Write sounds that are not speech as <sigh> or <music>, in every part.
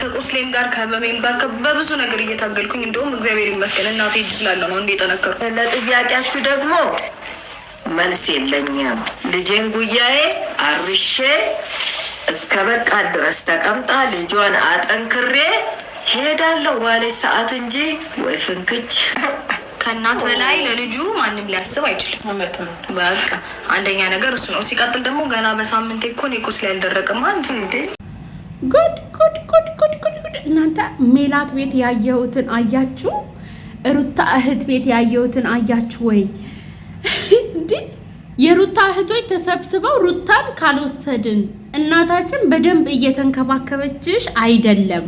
ከቁስሌም ጋር ከህመሜም ጋር በብዙ ነገር እየታገልኩኝ እንደውም እግዚአብሔር ይመስገን እናቴ እጅ ስላለ ነው እንደ ለጥያቄያችሁ ደግሞ መልስ የለኝም። ልጄን ጉያዬ አርሼ እስከ በቃ ድረስ ተቀምጣ ልጇን አጠንክሬ ሄዳለሁ ባለች ሰዓት እንጂ ወይ ፍንክች ከእናት በላይ ለልጁ ማንም ሊያስብ አይችልም። በቃ አንደኛ ነገር እሱ ነው። ሲቀጥል ደግሞ ገና በሳምንቴ እኮ እኔ ቁስሌ አልደረቅም አንድ ጉድ ጉድ ጉድ ሜላት ቤት ያየሁትን አያችሁ? ሩታ እህት ቤት ያየሁትን አያችሁ ወይ? እንዴ የሩታ እህቶች ተሰብስበው ሩታን ካልወሰድን እናታችን በደንብ እየተንከባከበችሽ አይደለም፣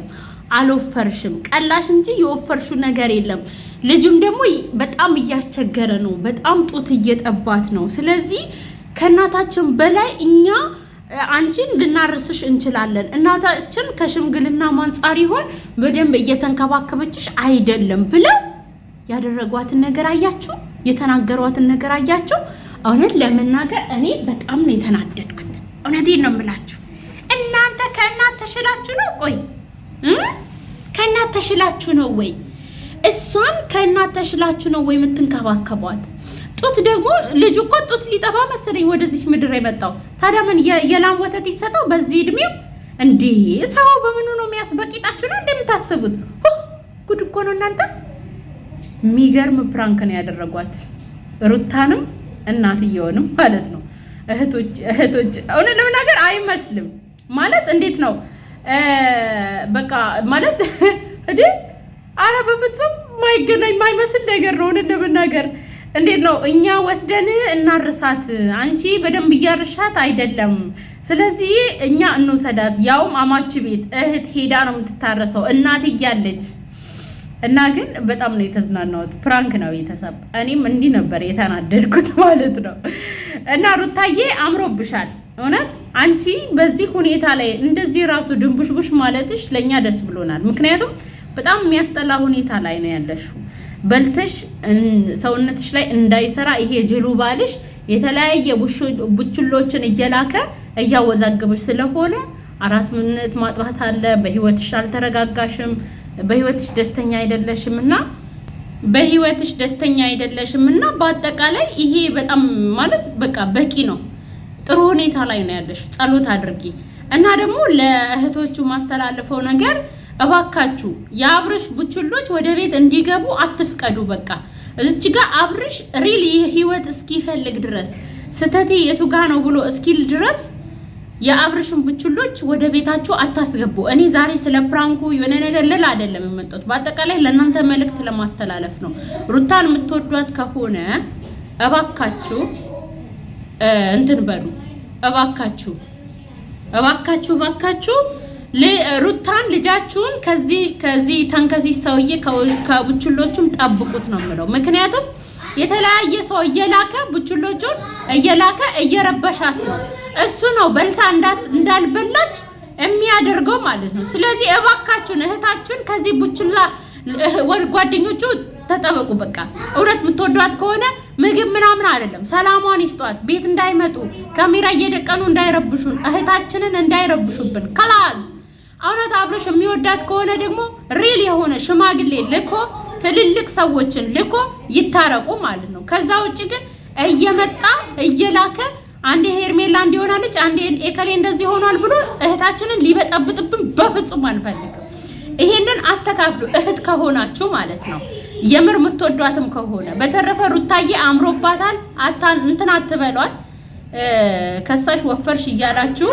አልወፈርሽም፣ ቀላሽ እንጂ የወፈርሽው ነገር የለም። ልጁም ደግሞ በጣም እያስቸገረ ነው፣ በጣም ጡት እየጠባት ነው። ስለዚህ ከእናታችን በላይ እኛ አንቺን ልናርስሽ እንችላለን። እናታችን ከሽምግልና አንጻር ይሆን በደንብ እየተንከባከበችሽ አይደለም ብለው ያደረጓትን ነገር አያችሁ፣ የተናገሯትን ነገር አያችሁ። እውነት ለመናገር እኔ በጣም ነው የተናደድኩት። እውነቴን ነው የምላችሁ። እናንተ ከእናት ተሽላችሁ ነው ቆይ ከእናት ተሽላችሁ ነው ወይ? እሷን ከእናት ተሽላችሁ ነው ወይ የምትንከባከቧት? ጡት ደግሞ ልጅ እኮ ጡት ሊጠባ መሰለኝ ወደዚች ምድር የመጣው ታዲያ ምን የላም ወተት ይሰጠው በዚህ እድሜው እንዴ? ሰው በምኑ ነው የሚያስበቂጣችሁ ነው እንደምታስቡት? ጉድ እኮ ነው እናንተ። የሚገርም ፕራንክ ነው ያደረጓት ሩታንም እናትየውንም ማለት ነው። እህቶች እህቶች፣ እውነት ለመናገር አይመስልም ማለት እንዴት ነው በቃ ማለት <laughs> እንዴ፣ አረ በፍጹም ማይገናኝ ማይመስል ነገር ነው እውነት ለመናገር እንዴት ነው እኛ ወስደን እናርሳት? አንቺ በደንብ እያርሻት አይደለም። ስለዚህ እኛ እንውሰዳት። ያውም አማች ቤት እህት ሄዳ ነው የምትታረሰው፣ እናት እያለች እና ግን በጣም ነው የተዝናናሁት። ፕራንክ ነው ቤተሰብ። እኔም እንዲህ ነበር የተናደድኩት <laughs> ማለት ነው። እና ሩታዬ አምሮብሻል እውነት። አንቺ በዚህ ሁኔታ ላይ እንደዚህ ራሱ ድንቡሽቡሽ ማለትሽ ለእኛ ደስ ብሎናል። ምክንያቱም በጣም የሚያስጠላ ሁኔታ ላይ ነው ያለሽው። በልተሽ ሰውነትሽ ላይ እንዳይሰራ ይሄ ጅሉ ባልሽ የተለያየ ቡችሎችን እየላከ እያወዛግብሽ ስለሆነ አራስምነት ማጥራት አለ። በህይወትሽ አልተረጋጋሽም፣ በህይወትሽ ደስተኛ አይደለሽም እና በህይወትሽ ደስተኛ አይደለሽም እና በአጠቃላይ ይሄ በጣም ማለት በቃ በቂ ነው። ጥሩ ሁኔታ ላይ ነው ያለሽ። ጸሎት አድርጊ እና ደግሞ ለእህቶቹ ማስተላለፈው ነገር እባካችሁ የአብርሽ ቡችሎች ወደ ቤት እንዲገቡ አትፍቀዱ። በቃ እዚች ጋ አብርሽ ሪል የህይወት እስኪፈልግ ድረስ ስተቴ የቱ ጋ ነው ብሎ እስኪል ድረስ የአብርሽን ቡችሎች ወደ ቤታችሁ አታስገቡ። እኔ ዛሬ ስለ ፕራንኩ የሆነ ነገር ልል አይደለም የመጣሁት፣ በአጠቃላይ ለእናንተ መልእክት ለማስተላለፍ ነው። ሩታን የምትወዷት ከሆነ እባካችሁ እንትን በሉ። እባካችሁ እባካችሁ እባካችሁ ሩታን ልጃችሁን ከዚህ ከዚህ ተንከሲስ ሰውዬ ከቡችሎቹም ጠብቁት ነው የምለው። ምክንያቱም የተለያየ ሰው እየላከ ቡችሎቹን እየላከ እየረበሻት ነው። እሱ ነው በልታ እንዳልበላች የሚያደርገው ማለት ነው። ስለዚህ እባካችሁን እህታችሁን ከዚህ ቡችላ ወል ጓደኞቹ ተጠበቁ። በቃ እውነት የምትወዷት ከሆነ ምግብ ምናምን አይደለም፣ ሰላሟን ይስጧት። ቤት እንዳይመጡ ካሜራ እየደቀኑ እንዳይረብሹን፣ እህታችንን እንዳይረብሹብን ከላዝ እውነት አብርሽ የሚወዳት ከሆነ ደግሞ ሪል የሆነ ሽማግሌ ልኮ ትልልቅ ሰዎችን ልኮ ይታረቁ ማለት ነው። ከዛ ውጭ ግን እየመጣ እየላከ አንዴ ሄርሜላ እንዲሆናለች አንዴ ኤከሌ እንደዚህ ሆኗል ብሎ እህታችንን ሊበጠብጥብን በፍጹም አንፈልግም። ይሄንን አስተካክሉ እህት ከሆናችሁ ማለት ነው። የምር የምትወዷትም ከሆነ በተረፈ ሩታዬ አምሮባታል። እንትን አትበሏት ከሳሽ ወፈርሽ እያላችሁ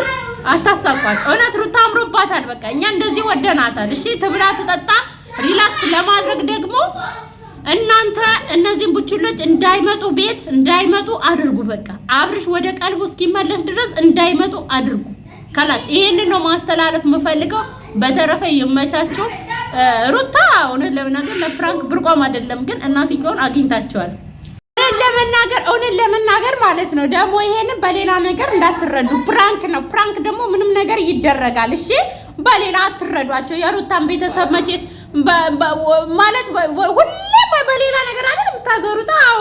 አታሳቋት። እውነት ሩታ አምሮባታል። በቃ እኛ እንደዚህ ወደናታል። እሺ ትብላ ትጠጣ። ሪላክስ ለማድረግ ደግሞ እናንተ እነዚህን ቡችሎች እንዳይመጡ ቤት እንዳይመጡ አድርጉ። በቃ አብርሽ ወደ ቀልቡ እስኪመለስ ድረስ እንዳይመጡ አድርጉ። ከላስ ይሄንን ነው ማስተላለፍ የምፈልገው። በተረፈ ይመቻችሁ። ሩታ እውነት ለመናገር ለፕራንክ ብርቋም አይደለም፣ ግን እናትየውን አግኝታቸዋል። እውነት ለመናገር እውነት ለመናገር ማለት ነው ደግሞ ይሄንን በሌላ ነገር እንዳትረዱ። ፕራንክ ነው። ፕራንክ ደግሞ ምንም ነገር ይደረጋል። እሺ በሌላ አትረዷቸው። የሩታን ቤተሰብ መቼስ ማለት ሁሌ በሌላ ነገር አይደል የምታዞሩት? አዎ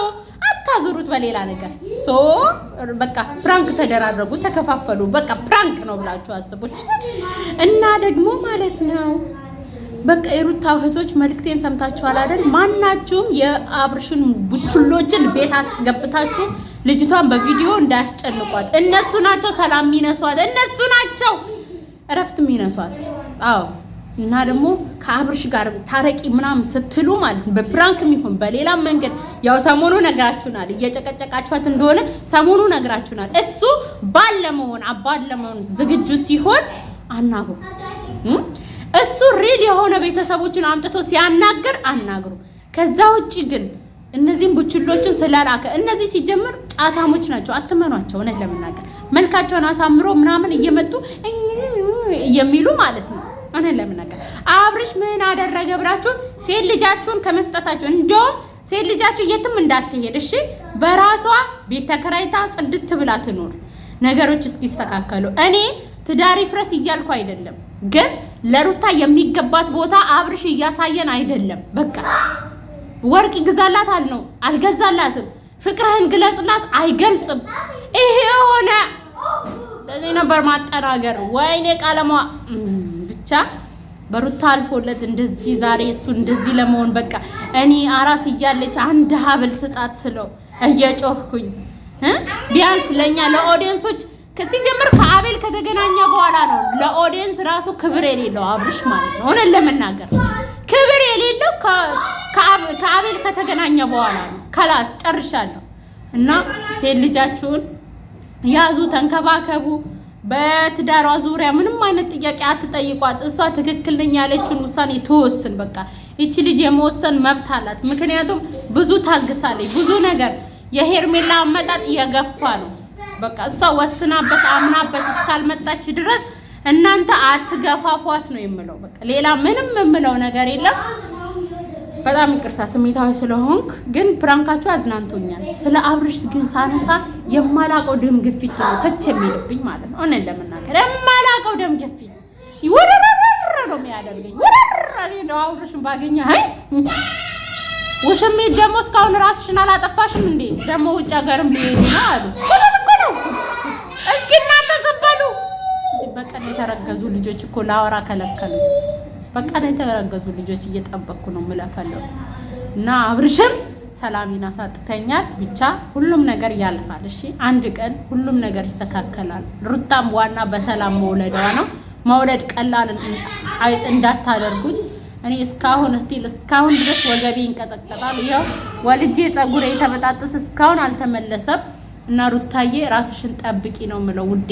አታዞሩት በሌላ ነገር። ሶ በቃ ፕራንክ ተደራረጉ፣ ተከፋፈሉ። በቃ ፕራንክ ነው ብላችሁ አስቦች እና ደግሞ ማለት ነው በቃ የሩታ እህቶች መልክቴን ሰምታችኋል አይደል? ማናችሁም የአብርሽን ቡችሎችን ቤት አስገብታችሁ ልጅቷን በቪዲዮ እንዳያስጨንቋት። እነሱ ናቸው ሰላም የሚነሷት፣ እነሱ ናቸው እረፍት የሚነሷት። አዎ እና ደግሞ ከአብርሽ ጋር ታረቂ ምናምን ስትሉ ማለት ነው፣ በፕራንክ የሚሆን በሌላ መንገድ ያው ሰሞኑ ነግራችሁናል፣ እየጨቀጨቃችኋት እንደሆነ ሰሞኑ ነግራችሁናል። እሱ ባል ለመሆን አባት ለመሆን ዝግጁ ሲሆን አናጉ እሱ ሪል የሆነ ቤተሰቦችን አምጥቶ ሲያናግር አናግሩ። ከዛ ውጭ ግን እነዚህን ቡችሎችን ስላላከ እነዚህ ሲጀምር ጫታሞች ናቸው፣ አትመኗቸው። እውነት ለመናገር መልካቸውን አሳምሮ ምናምን እየመጡ የሚሉ ማለት ነው። እውነት ለመናገር አብርሽ ምን አደረገ ብላችሁ ሴት ልጃችሁን ከመስጠታችሁ እንደውም ሴት ልጃችሁ የትም እንዳትሄድ እሺ፣ በራሷ ቤት ተከራይታ ጽድት ብላ ትኖር። ነገሮች እስኪስተካከሉ እኔ ትዳሪ ፍረስ እያልኩ አይደለም፣ ግን ለሩታ የሚገባት ቦታ አብርሽ እያሳየን አይደለም። በቃ ወርቅ ግዛላት ነው አልገዛላትም። ፍቅርህን ግለጽላት አይገልጽም። ይሄ የሆነ ለዚህ ነበር ማጠናገር። ወይኔ ቃለማ ብቻ በሩታ አልፎለት እንደዚህ ዛሬ እሱ እንደዚህ ለመሆን በቃ እኔ አራስ እያለች አንድ ሀብል ስጣት ስለው እየጮህኩኝ ቢያንስ ለእኛ ለኦዲየንሶች ሲጀምር ከአቤል ከተገናኘ በኋላ ነው ለኦዲየንስ ራሱ ክብር የሌለው አብርሽ ማለት ነው። እውነት ለመናገር ክብር የሌለው ከአቤል ከተገናኘ በኋላ ነው። ከላስ ጨርሻለሁ። እና ሴት ልጃችሁን ያዙ፣ ተንከባከቡ። በትዳሯ ዙሪያ ምንም አይነት ጥያቄ አትጠይቋት። እሷ ትክክል ነኝ ያለችውን ውሳኔ ትወስን። በቃ ይቺ ልጅ የመወሰን መብት አላት። ምክንያቱም ብዙ ታግሳለች። ብዙ ነገር የሄርሜላ አመጣጥ የገፋ ነው በቃ እሷ ወስናበት አምናበት እስካልመጣች ድረስ እናንተ አትገፋፏት ነው የምለው። በቃ ሌላ ምንም የምለው ነገር የለም። በጣም ይቅርታ ስሜታዊ ስለሆንክ፣ ግን ፕራንካችሁ አዝናንቶኛል። ስለ አብርሽ ግን ሳነሳ የማላቀው ደም ግፊት ነው ተች የሚልብኝ ማለት ነው። እኔን ለመናገር የማላቀው ደም ግፊት ወረረረ ነው የሚያደርገኝ። ወረረረ ነው አብርሽን ባገኘ አይ ውሽሜት ደግሞ እስካሁን ራስሽን አላጠፋሽም እንዴ? ደግሞ ውጭ ሀገርም ሊሄድ ነው አሉ የተረገዙ ልጆች እኮ ላወራ ከለከሉ። በቃ ነው የተረገዙ ልጆች እየጠበቅኩ ነው ምለፈለው እና አብርሽም ሰላሚን አሳጥተኛል። ብቻ ሁሉም ነገር ያልፋል። እሺ አንድ ቀን ሁሉም ነገር ይስተካከላል። ሩታም ዋና በሰላም መውለዷ ነው። መውለድ ቀላል እንዳታደርጉኝ። እኔ እስካሁን እስቲል እስካሁን ድረስ ወገቤ ይንቀጠቀጣል። ይኸው ወልጄ ጸጉሬ የተበጣጠሰ እስካሁን አልተመለሰም እና ሩታዬ ራስሽን ጠብቂ ነው የምለው ውዴ።